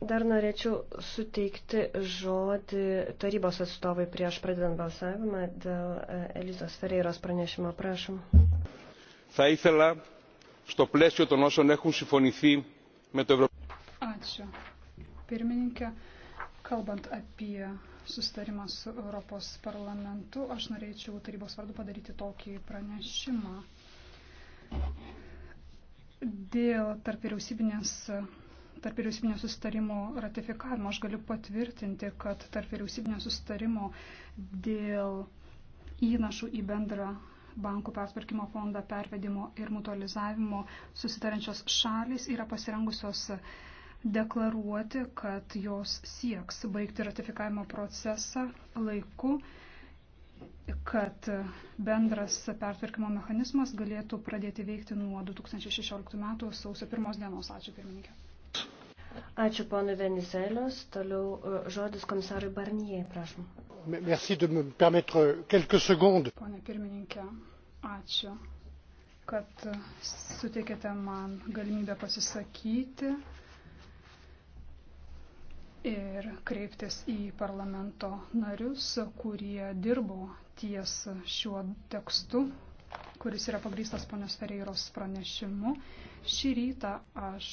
Dar norėčiau suteikti žodį tarybos atstovai prieš pradedant balsavimą dėl e, Elizos Ferreiros pranešimo. Prašom. Ačiū. Pirmininkė, kalbant apie sustarimą su Europos parlamentu, aš norėčiau tarybos vardu padaryti tokį pranešimą. Dėl tarp vyriausybinės tarp vyriausybinio sustarimo ratifikavimo. Aš galiu patvirtinti, kad tarp vyriausybinio sustarimo dėl įnašų į bendrą bankų pertvarkymo fondą pervedimo ir mutualizavimo susitarančios šalis yra pasirengusios deklaruoti, kad jos sieks baigti ratifikavimo procesą laiku kad bendras pertvarkymo mechanizmas galėtų pradėti veikti nuo 2016 m. sausio 1 dienos. Ačiū pirmininkė. Ačiū ponui Veniselius. Toliau e, žodis komisarui Barnijai, prašom. Merci de me permettre quelques secondes. Pone pirmininkė, ačiū, kad suteikėte man galimybę pasisakyti ir kreiptis į parlamento narius, kurie dirbo ties šiuo tekstu, kuris yra pagrįstas ponios Ferreiros pranešimu. Šį rytą aš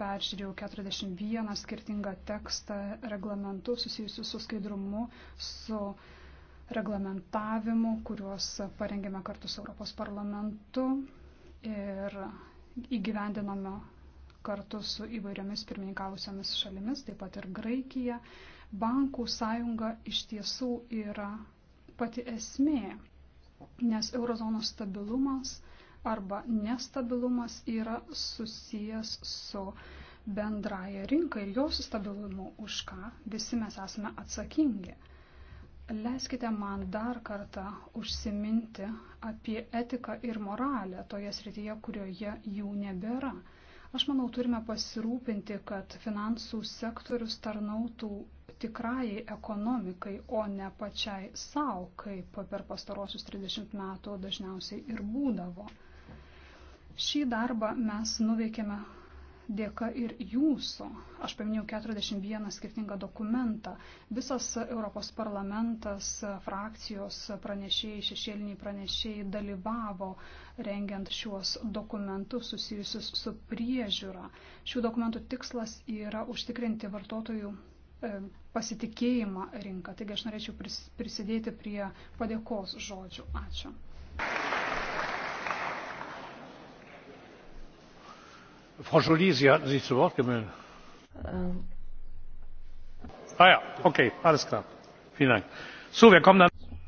peržiūrėjau 41 skirtingą tekstą reglamentų susijusių su skaidrumu, su reglamentavimu, kuriuos parengėme kartu su Europos parlamentu ir įgyvendinome kartu su įvairiomis pirmininkavusiamis šalimis, taip pat ir Graikija. Bankų sąjunga iš tiesų yra pati esmė, nes eurozonos stabilumas – arba nestabilumas yra susijęs su bendraja rinka ir jos stabilumu, už ką visi mes esame atsakingi. Leiskite man dar kartą užsiminti apie etiką ir moralę toje srityje, kurioje jų nebėra. Aš manau, turime pasirūpinti, kad finansų sektorius tarnautų tikrajai ekonomikai, o ne pačiai savo, kaip per pastarosius 30 metų dažniausiai ir būdavo. Šį darbą mes nuveikėme dėka ir jūsų. Aš paminėjau 41 skirtingą dokumentą. Visas Europos parlamentas, frakcijos pranešėjai, šešėliniai pranešėjai dalyvavo rengiant šiuos dokumentus susijusius su priežiūra. Šių dokumentų tikslas yra užtikrinti vartotojų e, pasitikėjimą rinką. Taigi aš norėčiau prisidėti prie padėkos žodžių. Ačiū. frau joly sie hatten sich zu wort gemeldet. Ähm. Ah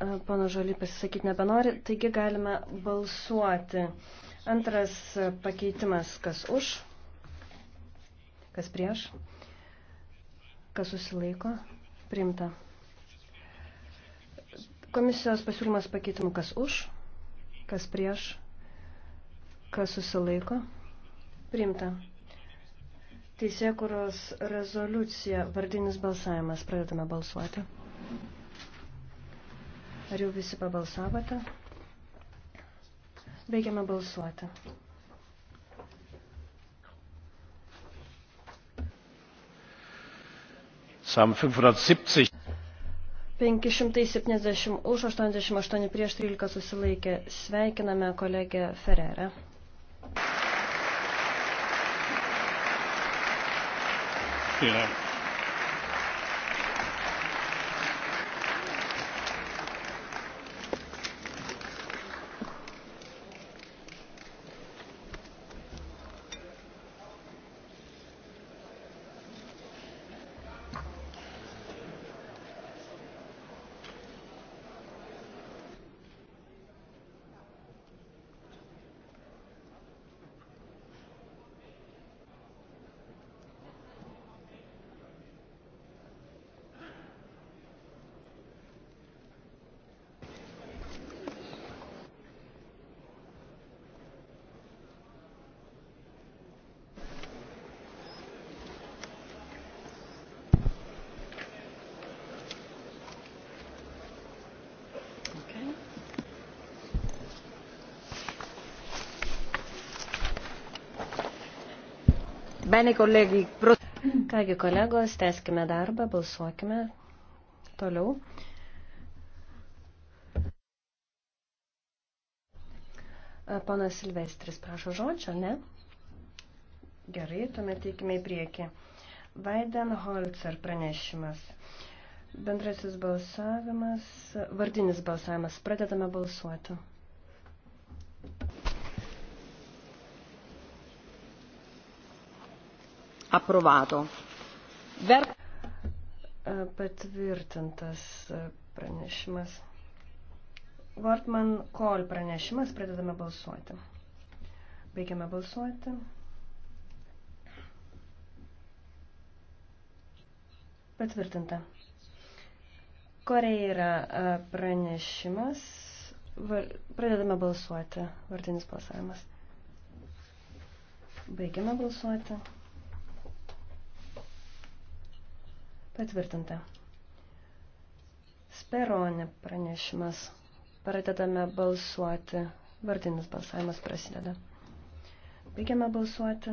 äh, ponas joly pasisakyti nebenori taigi galime balsuoti. antras e, pakeitimas kas už kas prieš kas susilaiko priimta. Komisijos pasiūlymas pakeitimų kas už, kas prieš, kas susilaiko. Primta. Teisėkuros rezoliucija, vardinis balsavimas, pradedame balsuoti. Ar jau visi pabalsavote? Baigiame balsuoti. Sam 570. 570 už, 88 prieš 13 susilaikė. Sveikiname kolegę Ferrerę. vielen dank! Bene, kolegi. Kągi kolegos, teskime darbą, balsuokime toliau. E, ponas Silvestris prašo žodžio, ne? Gerai, tuomet teikime į priekį. Weidenholzer pranešimas. Bendrasis balsavimas, vardinis balsavimas. Pradedame balsuoti. approvato. Ver... E, patvirtintas pranešimas. Wortman Kol pranešimas, pradedame balsuoti. Baigiame balsuoti. Patvirtinta. Koreja yra e, pranešimas. Pradedame balsuoti. Vardinis balsavimas. Baigiame balsuoti. Patvirtinta. Speroni pranešimas. Pradedame balsuoti. Vardinis balsavimas prasideda. Baigiame balsuoti.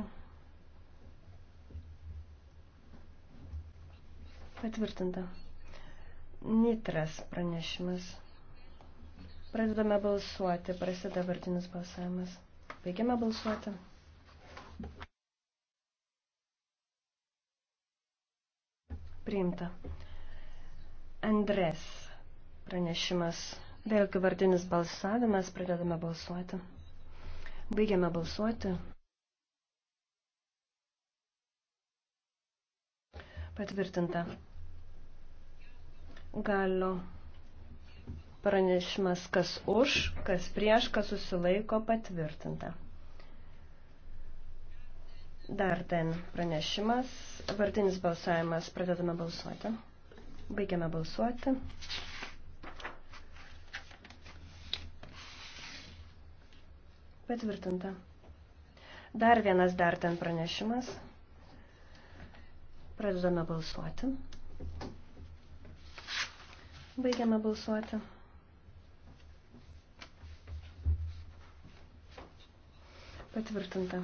Patvirtinta. Nitras pranešimas. Pradedame balsuoti. Prasideda vardinis balsavimas. Baigiame balsuoti. Priimta. Andres pranešimas. Vėlgi vardinis balsavimas. Pradedame balsuoti. Baigiame balsuoti. Patvirtinta. Galio pranešimas, kas už, kas prieš, kas susilaiko patvirtinta. Dar ten pranešimas, vardinis balsavimas, pradedame balsuoti. Baigiame balsuoti. Patvirtinta. Dar vienas dar ten pranešimas. Pradedame balsuoti. Baigiame balsuoti. Patvirtinta.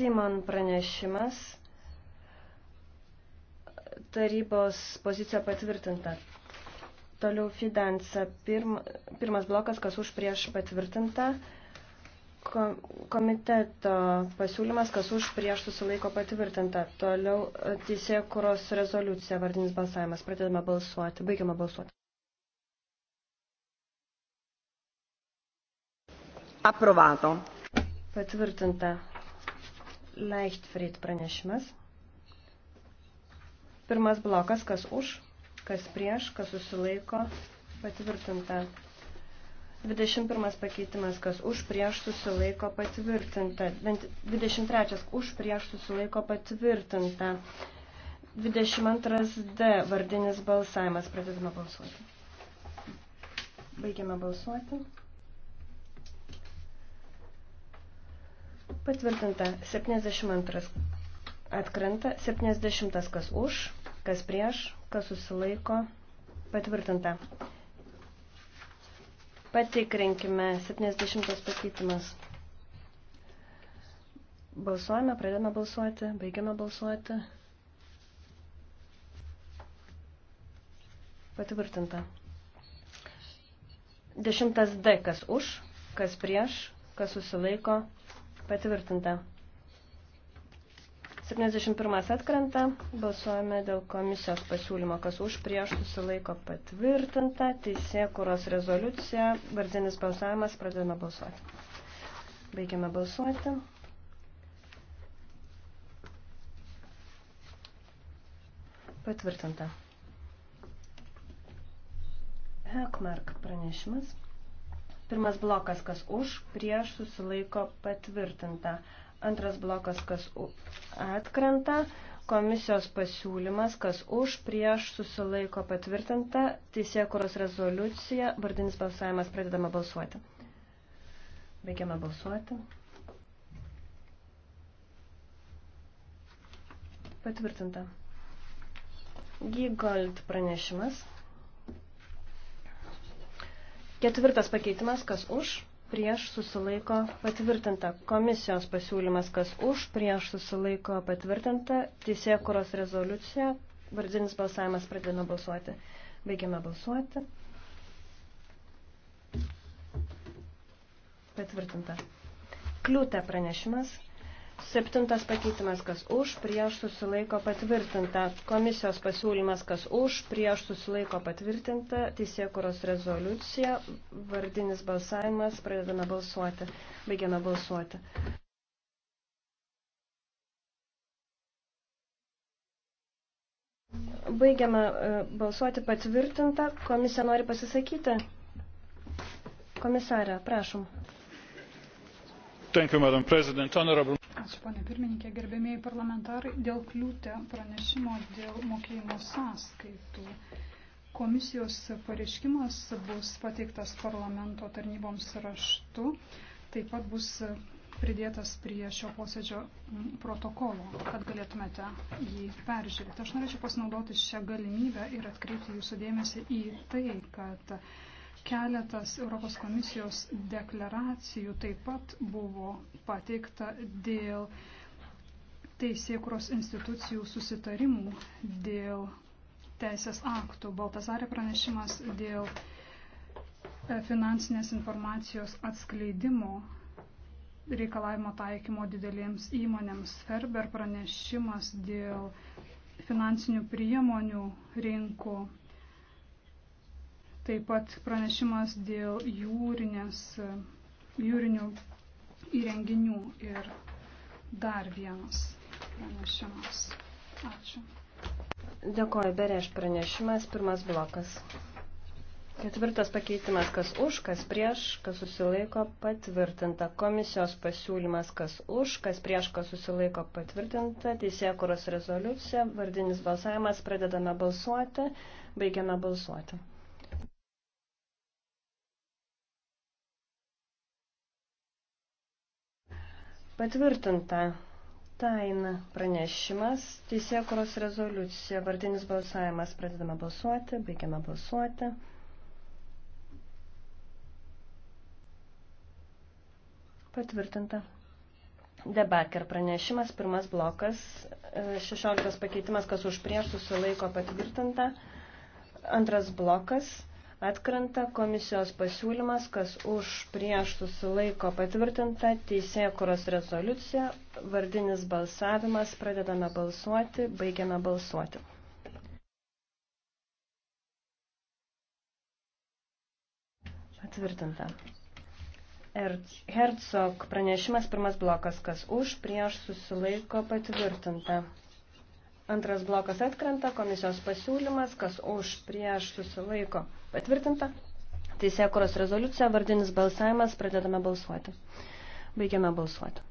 Simon pranešimas. Tarybos pozicija patvirtinta. Toliau Fidansa. Pirm, pirmas blokas, kas už prieš patvirtinta. Komiteto pasiūlymas, kas už prieš susilaiko patvirtinta. Toliau e, teisė kuros rezoliucija, vardinis balsavimas. Pradedame balsuoti. Baigiame balsuoti. Approvato. Patvirtinta. Leichtfried pranešimas. Pirmas blokas, kas už, kas prieš, kas susilaiko, patvirtinta. 21 pakeitimas, kas už, prieš, susilaiko, patvirtinta. 23 už, prieš, susilaiko, patvirtinta. 22D vardinis balsavimas. Pradedame balsuoti. Baigiame balsuoti. Patvirtinta 72 atkrenta, 70 kas už, kas prieš, kas susilaiko. Patvirtinta. Patikrinkime 70 pakeitimas. Balsuojame, pradėme balsuoti, baigiame balsuoti. Patvirtinta. Dešimtas D, kas už, kas prieš, kas susilaiko, Patvirtinta. 71 atkrenta, balsuojame dėl komisijos pasiūlymo, kas už prieš susilaiko patvirtinta, teisė, kuros rezoliucija, vardinis balsavimas, pradedame balsuoti. Baigiame balsuoti. Patvirtinta. Hekmark pranešimas. Pirmas blokas, kas už, prieš susilaiko patvirtinta. Antras blokas, kas atkrenta. Komisijos pasiūlymas, kas už, prieš susilaiko patvirtinta. Teisėkuros rezoliucija, vardinis balsavimas, pradedama balsuoti. Baigiame balsuoti. Patvirtinta. Gigold pranešimas. Ketvirtas pakeitimas, kas už, prieš susilaiko patvirtinta. Komisijos pasiūlymas, kas už, prieš susilaiko patvirtinta. Teisėkuros rezoliucija, vardinis balsavimas pradėjo balsuoti. Baigiame balsuoti. Patvirtinta. Kliūtė pranešimas. Septintas pakeitimas, kas už, prieš susilaiko patvirtinta. Komisijos pasiūlymas, kas už, prieš susilaiko patvirtinta. Teisėkuros rezoliucija, vardinis balsavimas, pradedame balsuoti, baigiame balsuoti. Baigiame e, balsuoti patvirtinta. Komisija nori pasisakyti. Komisarė, prašom. You, Honorable... Ačiū, ponė pirmininkė, gerbėmėjai parlamentarai, dėl kliūtę pranešimo dėl mokėjimo sąskaitų. Komisijos pareiškimas bus pateiktas parlamento tarnyboms raštu, taip pat bus pridėtas prie šio posėdžio protokolo, kad galėtumėte jį peržiūrėti. Aš norėčiau pasinaudoti šią galimybę ir atkreipti jūsų dėmesį į tai, kad Keletas Europos komisijos deklaracijų taip pat buvo pateikta dėl teisėkuros institucijų susitarimų dėl teisės aktų. Baltazarė pranešimas dėl e, finansinės informacijos atskleidimo reikalavimo taikymo didelėms įmonėms. Ferber pranešimas dėl finansinių priemonių rinkų Taip pat pranešimas dėl jūrinės, jūrinių įrenginių ir dar vienas pranešimas. Ačiū. Dėkoju, bereš pranešimas, pirmas blokas. Ketvirtas pakeitimas, kas už, kas prieš, kas susilaiko patvirtinta. Komisijos pasiūlymas, kas už, kas prieš, kas susilaiko patvirtinta. Teisėkuros rezoliucija, vardinis balsavimas, pradedame balsuoti, baigiame balsuoti. Patvirtinta. Taina pranešimas, teisėkuros rezoliucija, vardinis balsavimas, pradedame balsuoti, baigiame balsuoti. Patvirtinta. Debaker pranešimas, pirmas blokas, 16 e, pakeitimas, kas už prieš susilaiko patvirtinta, antras blokas. Atkrenta komisijos pasiūlymas, kas už prieš susilaiko patvirtinta teisėkuros rezoliucija, vardinis balsavimas, pradedame balsuoti, baigiame balsuoti. Patvirtinta. Herzog pranešimas pirmas blokas, kas už prieš susilaiko patvirtinta. Antras blokas atkrenta, komisijos pasiūlymas, kas už prieš susilaiko patvirtinta. Teisėkuros rezoliucija, vardinis balsavimas, pradedame balsuoti. Baigiame balsuoti.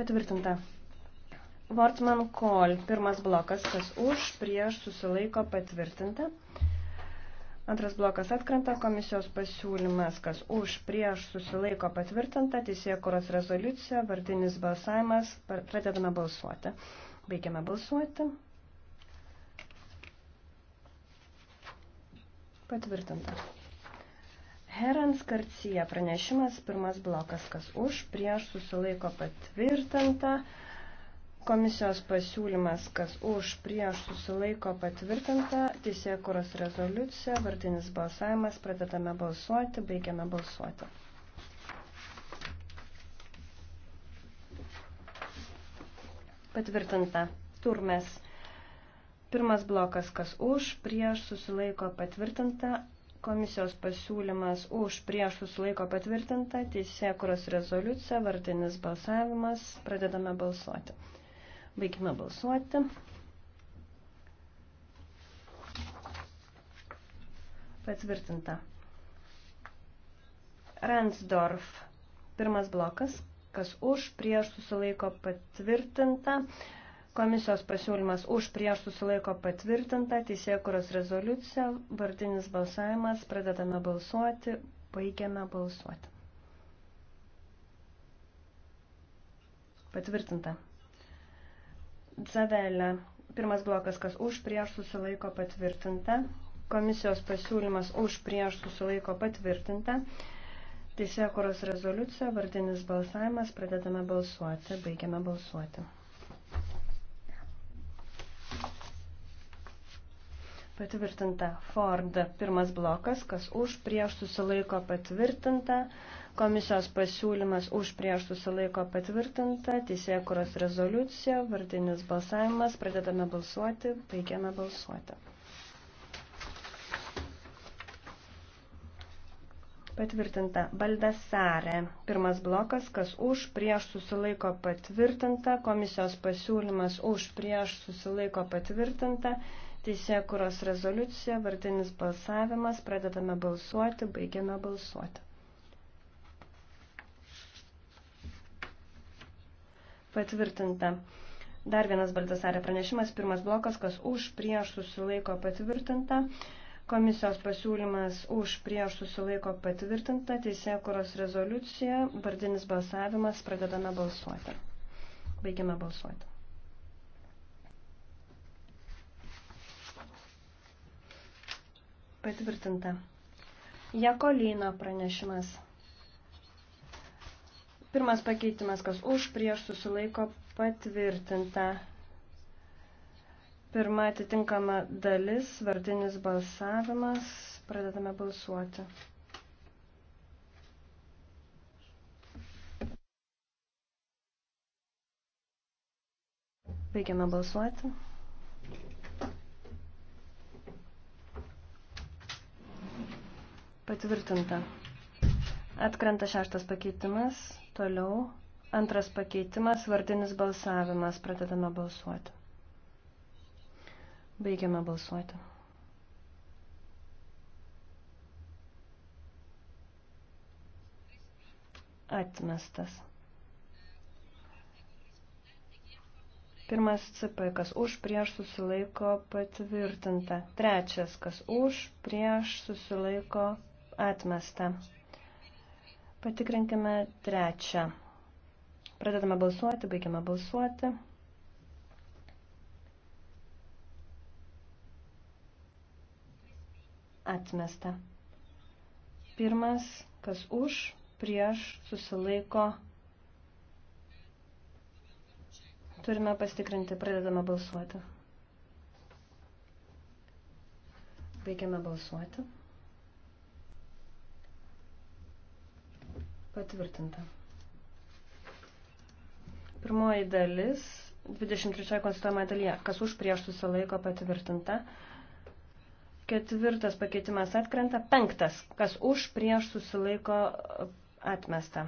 Patvirtinta. Wortman Call, pirmas blokas, kas už prieš susilaiko patvirtinta. Antras blokas atkrenta komisijos pasiūlymas, kas už prieš susilaiko patvirtinta teisėkuros rezoliucija, vardinis balsavimas, pradedame balsuoti. Baigiame balsuoti. Patvirtinta. Herans Karcija pranešimas, pirmas blokas, kas už prieš susilaiko patvirtinta. Komisijos pasiūlymas, kas už prieš susilaiko patvirtinta, teisėkuros rezoliucija, vartinis balsavimas, pradedame balsuoti, baigiame balsuoti. Patvirtinta. Turmes. Pirmas blokas, kas už, prieš susilaiko patvirtinta, komisijos pasiūlymas už prieš susilaiko patvirtinta, teisėkuros rezoliucija, vardinis balsavimas, pradedame balsuoti. Baigime balsuoti. Patvirtinta. Ransdorf. Pirmas blokas. Kas už, prieš susilaiko patvirtinta. Komisijos pasiūlymas už prieš susilaiko patvirtinta, teisėkuros rezoliucija, vardinis balsavimas, pradedame balsuoti, baigiame balsuoti. Patvirtinta. Zavelė. Pirmas blokas, kas už prieš susilaiko patvirtinta. Komisijos pasiūlymas už prieš susilaiko patvirtinta. Teisėkuros rezoliucija, vardinis balsavimas, pradedame balsuoti, baigiame balsuoti. Patvirtinta Ford pirmas blokas, kas už prieš susilaiko patvirtinta. Komisijos pasiūlymas už prieš susilaiko patvirtinta, teisėje kuros rezoliucija, vardinis balsavimas, pradedame balsuoti, baigiame balsuoti. Patvirtinta Baldasarė. Pirmas blokas, kas už prieš susilaiko patvirtinta, komisijos pasiūlymas už prieš susilaiko patvirtinta, teisėje kuros rezoliucija, vardinis balsavimas, pradedame balsuoti, baigiame balsuoti. patvirtinta. Dar vienas Baltasarė pranešimas, pirmas blokas, kas už prieš susilaiko patvirtinta. Komisijos pasiūlymas už prieš susilaiko patvirtinta. Teisėkuros rezoliucija, vardinis balsavimas, pradedame balsuoti. Baigiame balsuoti. Patvirtinta. Jakolino pranešimas. Pirmas pakeitimas, kas už, prieš susilaiko patvirtinta. Pirma atitinkama dalis, vardinis balsavimas. Pradedame balsuoti. Baigiame balsuoti. Patvirtinta. Atkrenta šeštas pakeitimas. Toliau antras pakeitimas, vardinis balsavimas. Pradedame balsuoti. Baigiame balsuoti. Atmestas. Pirmas CP, kas už, prieš susilaiko patvirtinta. Trečias, kas už, prieš susilaiko atmesta. Patikrinkime trečią. Pradedame balsuoti, baigiame balsuoti. Atmesta. Pirmas, kas už, prieš, susilaiko. Turime pasitikrinti, pradedame balsuoti. Baigiame balsuoti. Patvirtinta. Pirmoji dalis, 23 konstituojamoje dalyje, kas už prieš susilaiko patvirtinta. Ketvirtas pakeitimas atkrenta. Penktas, kas už prieš susilaiko atmesta.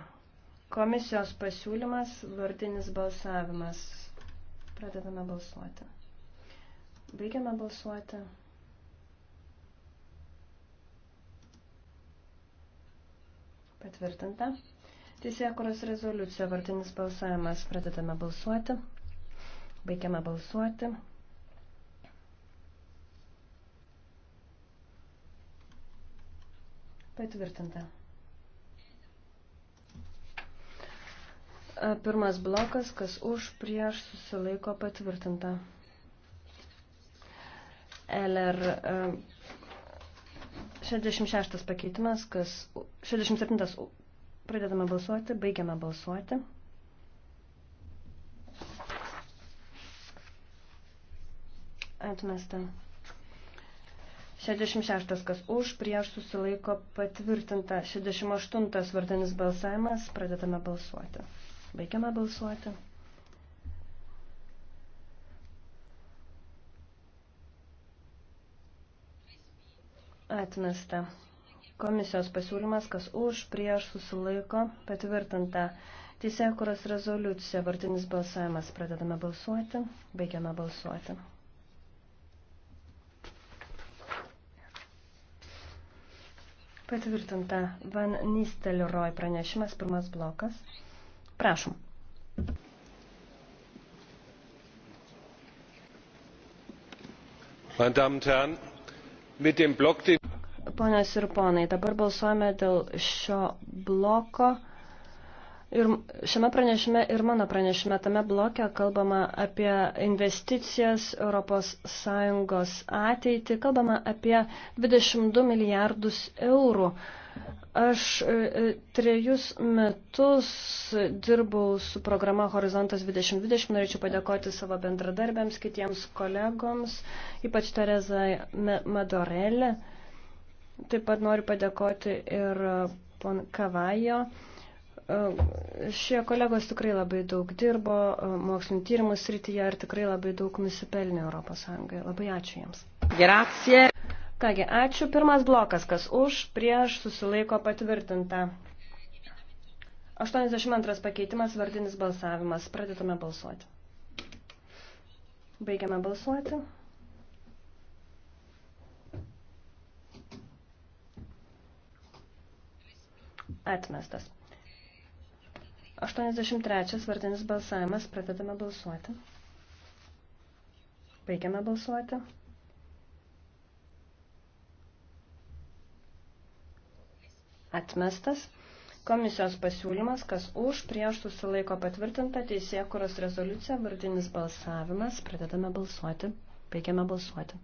Komisijos pasiūlymas, vardinis balsavimas. Pradedame balsuoti. Baigiame balsuoti. Patvirtinta. Teisėkuros rezoliucija, vartinis balsavimas. Pradedame balsuoti. Baigiame balsuoti. Patvirtinta. Pirmas blokas, kas už, prieš, susilaiko patvirtinta. LR 66 pakeitimas, kas 67 pradedame balsuoti, baigiame balsuoti. Atmesta. 66 kas už, prieš susilaiko patvirtinta. 68 vardinis balsavimas, pradedame balsuoti. Baigiame balsuoti. Atmesta. Komisijos pasiūlymas, kas už, prieš, susilaiko, patvirtinta. Teisėkuros rezoliucija, vartinis balsavimas. Pradedame balsuoti, baigiame balsuoti. Patvirtinta Van Nistelrooy pranešimas, pirmas blokas. Prašom. Meine Damen und Herren, Ponios ir ponai, dabar balsuojame dėl šio bloko. Ir šiame pranešime ir mano pranešime tame bloke kalbama apie investicijas ES ateitį, kalbama apie 22 milijardus eurų. Aš e, e, trejus metus dirbau su programa Horizontas 2020, norėčiau padėkoti savo bendradarbėms, kitiems kolegoms, ypač Terezai Madorelė. Taip pat noriu padėkoti ir e, pon Kavajo. Šie kolegos tikrai labai daug dirbo mokslinio tyrimų srityje ir tikrai labai daug nusipelnė Europos Sąjungoje. Labai ačiū jiems. Grazie. Kągi, ačiū. Pirmas blokas, kas už, prieš, susilaiko patvirtinta. 82 pakeitimas, vardinis balsavimas. Pradėtume balsuoti. Baigiame balsuoti. Atmestas. 83 vardinis balsavimas, pradedame balsuoti. Baigiame balsuoti. Atmestas. Komisijos pasiūlymas, kas už, prieš susilaiko patvirtinta teisėkuros rezoliucija, vardinis balsavimas. Pradedame balsuoti. Baigiame balsuoti.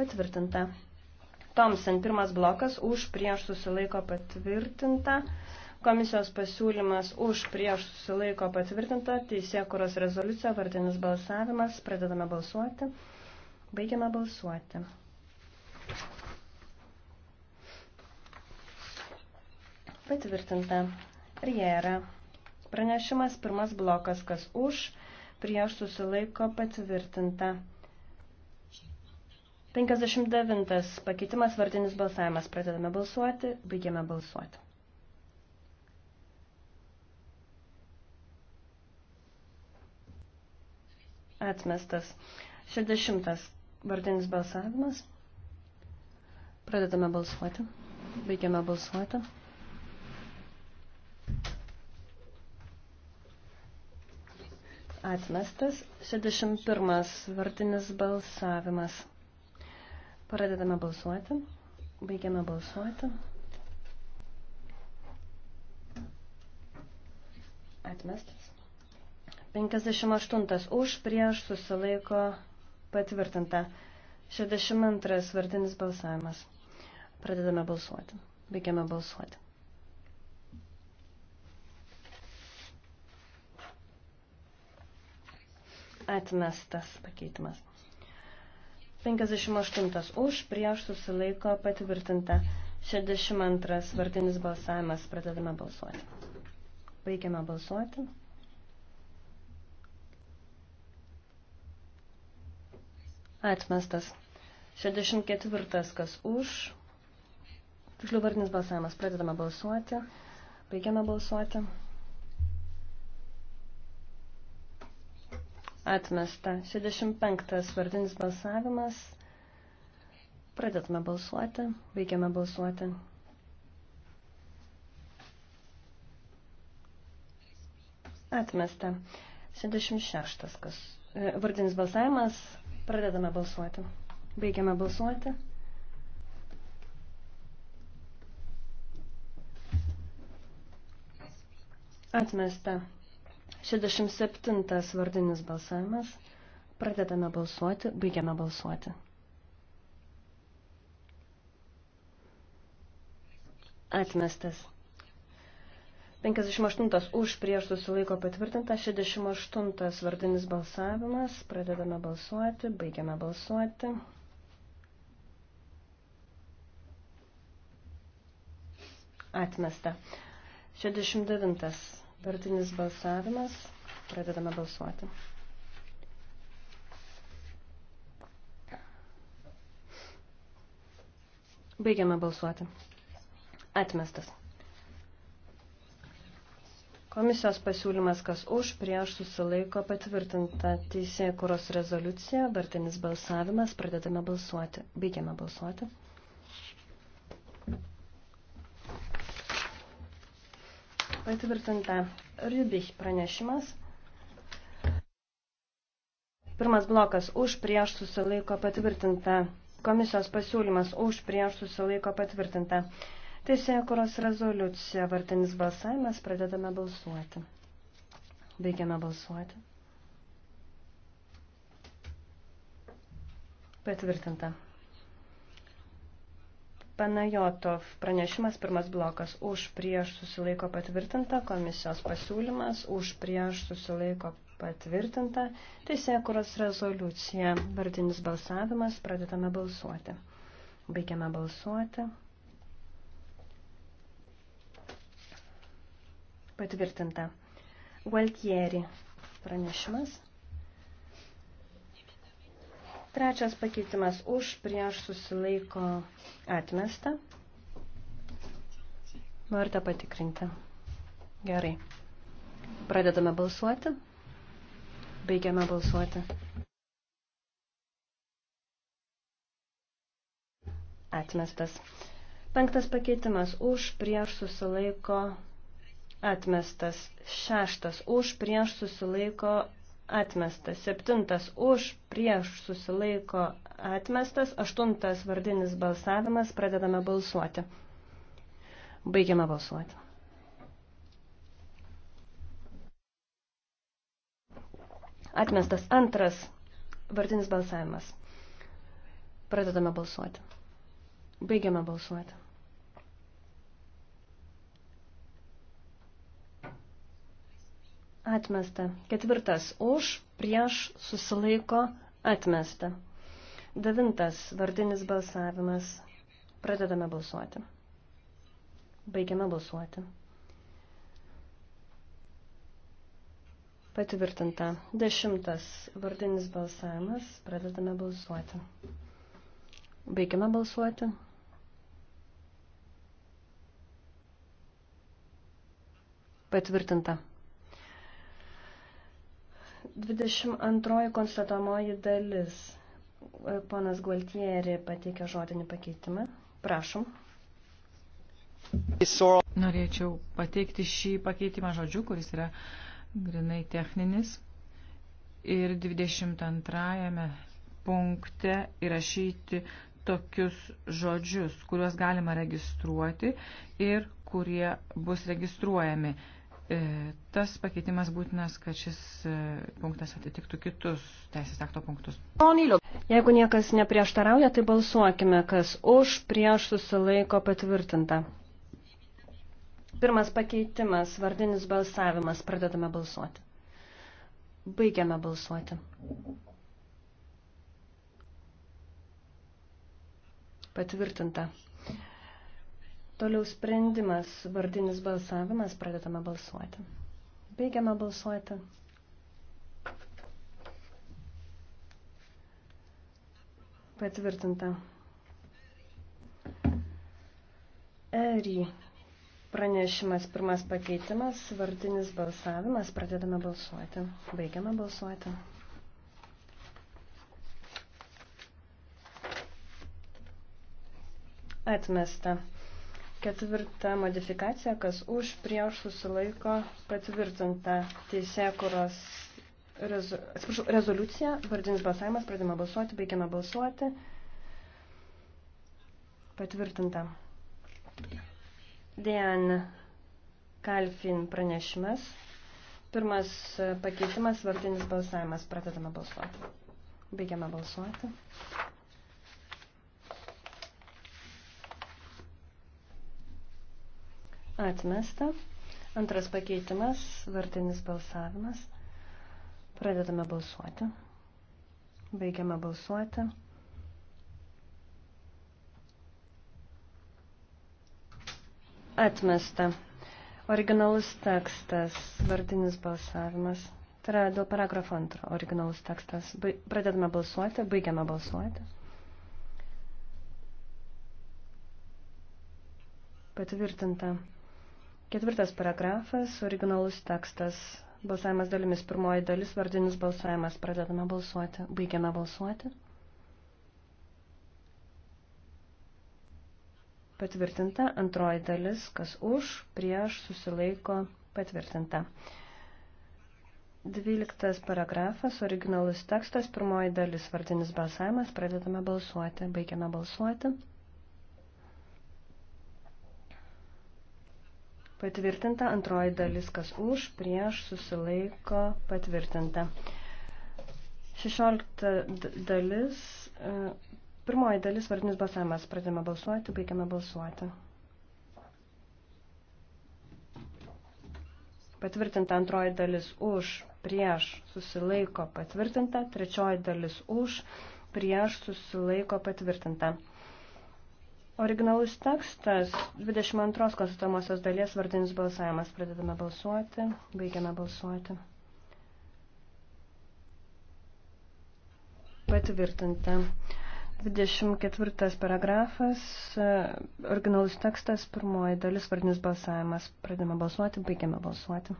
Patvirtinta. Thompson pirmas blokas už prieš susilaiko patvirtinta. Komisijos pasiūlymas už prieš susilaiko patvirtinta. Teisėkuros rezoliucija, vardinis balsavimas. Pradedame balsuoti. Baigiame balsuoti. Patvirtinta. Riera. Pranešimas pirmas blokas, kas už, prieš susilaiko patvirtinta. 59. Pakeitimas vardinis balsavimas. Pradedame balsuoti, baigiame balsuoti. Atmestas. 60. Vardinis balsavimas. Pradedame balsuoti. Baigiame balsuoti. Atmestas. 61. Vardinis balsavimas. Pradedame balsuoti. Baigiame balsuoti. Atmestas. 58. Už prieš susilaiko Patvirtinta. 62 vardinis balsavimas. Pradedame balsuoti. Baigiame balsuoti. Atmestas pakeitimas. 58 už, prieš susilaiko patvirtinta. 62 vardinis balsavimas. Pradedame balsuoti. Baigiame balsuoti. Atmestas. 64. Kas už? Tiksliau vardinis balsavimas. Pradedame balsuoti. Baigiame balsuoti. Atmesta. 65. Vardinis balsavimas. Pradedame balsuoti. Baigiame balsuoti. Atmesta. 76. Kas. E, vardinis balsavimas. Pradedame balsuoti. Baigiame balsuoti. Atmesta. 67 vardinis balsavimas. Pradedame balsuoti. Baigiame balsuoti. Atmestas. 58 už prieš susilaiko patvirtinta, 68 vardinis balsavimas, pradedame balsuoti, baigiame balsuoti. Atmesta. 69 vardinis balsavimas, pradedame balsuoti. Baigiame balsuoti. Atmestas. Komisijos pasiūlymas, kas už, prieš susilaiko patvirtinta teisėjų kuros rezoliucija, vartinis balsavimas, pradedame balsuoti, baigiame balsuoti. Patvirtinta Rybich pranešimas. Pirmas blokas už, prieš susilaiko patvirtinta. Komisijos pasiūlymas už, prieš susilaiko patvirtinta. Teisėkuros rezoliucija, vartinis balsavimas, pradedame balsuoti. Baigiame balsuoti. Patvirtinta. Panajotov pranešimas pirmas blokas už prieš susilaiko patvirtinta, komisijos pasiūlymas už prieš susilaiko patvirtinta, teisėkuros rezoliucija, vardinis balsavimas, pradedame balsuoti. Baigiame balsuoti. Patvirtinta. Gualtieri pranešimas. Trečias pakeitimas už prieš susilaiko atmesta. Norite patikrinti. Gerai. Pradedame balsuoti. Baigiame balsuoti. Atmestas. Penktas pakeitimas už prieš susilaiko atmesta atmestas, šeštas už prieš susilaiko atmestas, septintas už prieš susilaiko atmestas, aštuntas vardinis balsavimas, pradedame balsuoti. Baigiame balsuoti. Atmestas antras vardinis balsavimas. Pradedame balsuoti. Baigiame balsuoti. atmesta. Ketvirtas už, prieš, susilaiko, atmesta. Devintas vardinis balsavimas. Pradedame balsuoti. Baigiame balsuoti. Patvirtinta. Dešimtas vardinis balsavimas. Pradedame balsuoti. Baigiame balsuoti. Patvirtinta. 22 konstatuojamoji dalis. E, ponas Gualtieri pateikė žodinį pakeitimą. Prašom. Norėčiau pateikti šį pakeitimą žodžiu, kuris yra grinai techninis. Ir 22 punkte įrašyti tokius žodžius, kuriuos galima registruoti ir kurie bus registruojami. E, tas pakeitimas būtinas, kad šis e, punktas atitiktų kitus teisės akto punktus. Jeigu niekas neprieštarauja, tai balsuokime, kas už prieš susilaiko patvirtinta. Pirmas pakeitimas, vardinis balsavimas, pradedame balsuoti. Baigiame balsuoti. Patvirtinta. Toliau sprendimas, vardinis balsavimas, pradedame balsuoti. Baigiame balsuoti. Patvirtinta. Eri. Pranešimas pirmas pakeitimas, vardinis balsavimas, pradedame balsuoti. Baigiame balsuoti. Atmesta. Ketvirta modifikacija, kas už prieš susilaiko patvirtinta teisėkuros rezo, atsiprašau, rezoliucija, vardinis balsavimas, pradėjome balsuoti, baigėme balsuoti. Patvirtinta. Dian Kalfin pranešimas. Pirmas pakeitimas, vardinis balsavimas, pradedame balsuoti. Baigiame balsuoti. Atmesta. Antras pakeitimas, vartinis balsavimas. Pradedame balsuoti. Baigiame balsuoti. Atmesta. Originalus tekstas, vardinis balsavimas. Tai yra dėl paragrafo antro originalus tekstas. Pradedame balsuoti, baigiame balsuoti. Patvirtinta. Ketvirtas paragrafas, originalus tekstas, balsavimas dalimis, pirmoji dalis, vardinis balsavimas, pradedame balsuoti, baigiame balsuoti. Patvirtinta antroji dalis, kas už, prieš, susilaiko, patvirtinta. Dvyliktas paragrafas, originalus tekstas, pirmoji dalis, vardinis balsavimas, pradedame balsuoti, baigiame balsuoti. Patvirtinta antroji dalis, kas už, prieš, susilaiko, patvirtinta. 16 dalis, e, pirmoji dalis, vardinis balsavimas. Pradėjome balsuoti, baigiame balsuoti. Patvirtinta antroji dalis už, prieš, susilaiko, patvirtinta. Trečioji dalis už, prieš, susilaiko, patvirtinta. Originalus tekstas 22 konsultamosios dalies vardinis balsavimas. Pradedame balsuoti, baigiame balsuoti. Patvirtinta. 24 paragrafas, originalus tekstas, pirmoji dalis, vardinis balsavimas. Pradėjome balsuoti, baigėme balsuoti.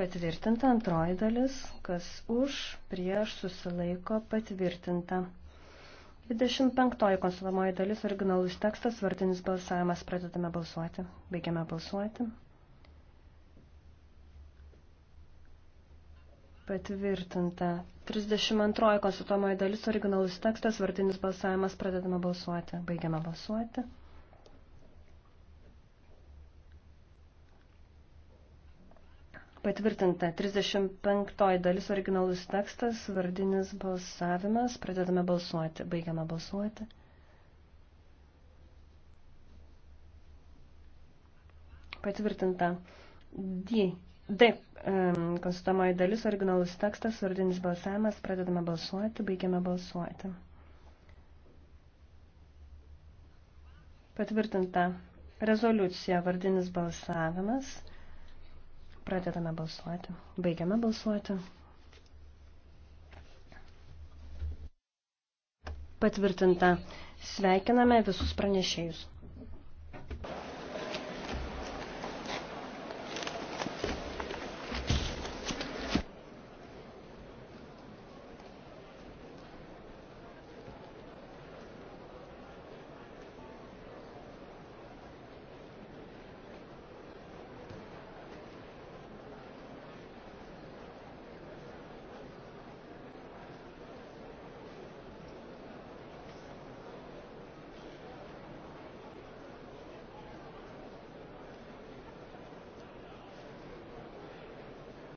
Patvirtinta antroji dalis, kas už, prieš, susilaiko, patvirtinta. 25 konsultamoji dalis, originalus tekstas, vartinis balsavimas, pradedame balsuoti, baigiame balsuoti. Patvirtinta. 32 konsultamoji dalis, originalus tekstas, vartinis balsavimas, pradedame balsuoti, baigiame balsuoti. Patvirtinta 35 dalis originalus tekstas, vardinis balsavimas. Pradedame balsuoti, baigiame balsuoti. Patvirtinta D. D. Konsultamoji dalis originalus tekstas, vardinis balsavimas. Pradedame balsuoti, baigiame balsuoti. Patvirtinta rezoliucija, vardinis balsavimas. Pradedame balsuoti. Baigiame balsuoti. Patvirtinta. Sveikiname visus pranešėjus.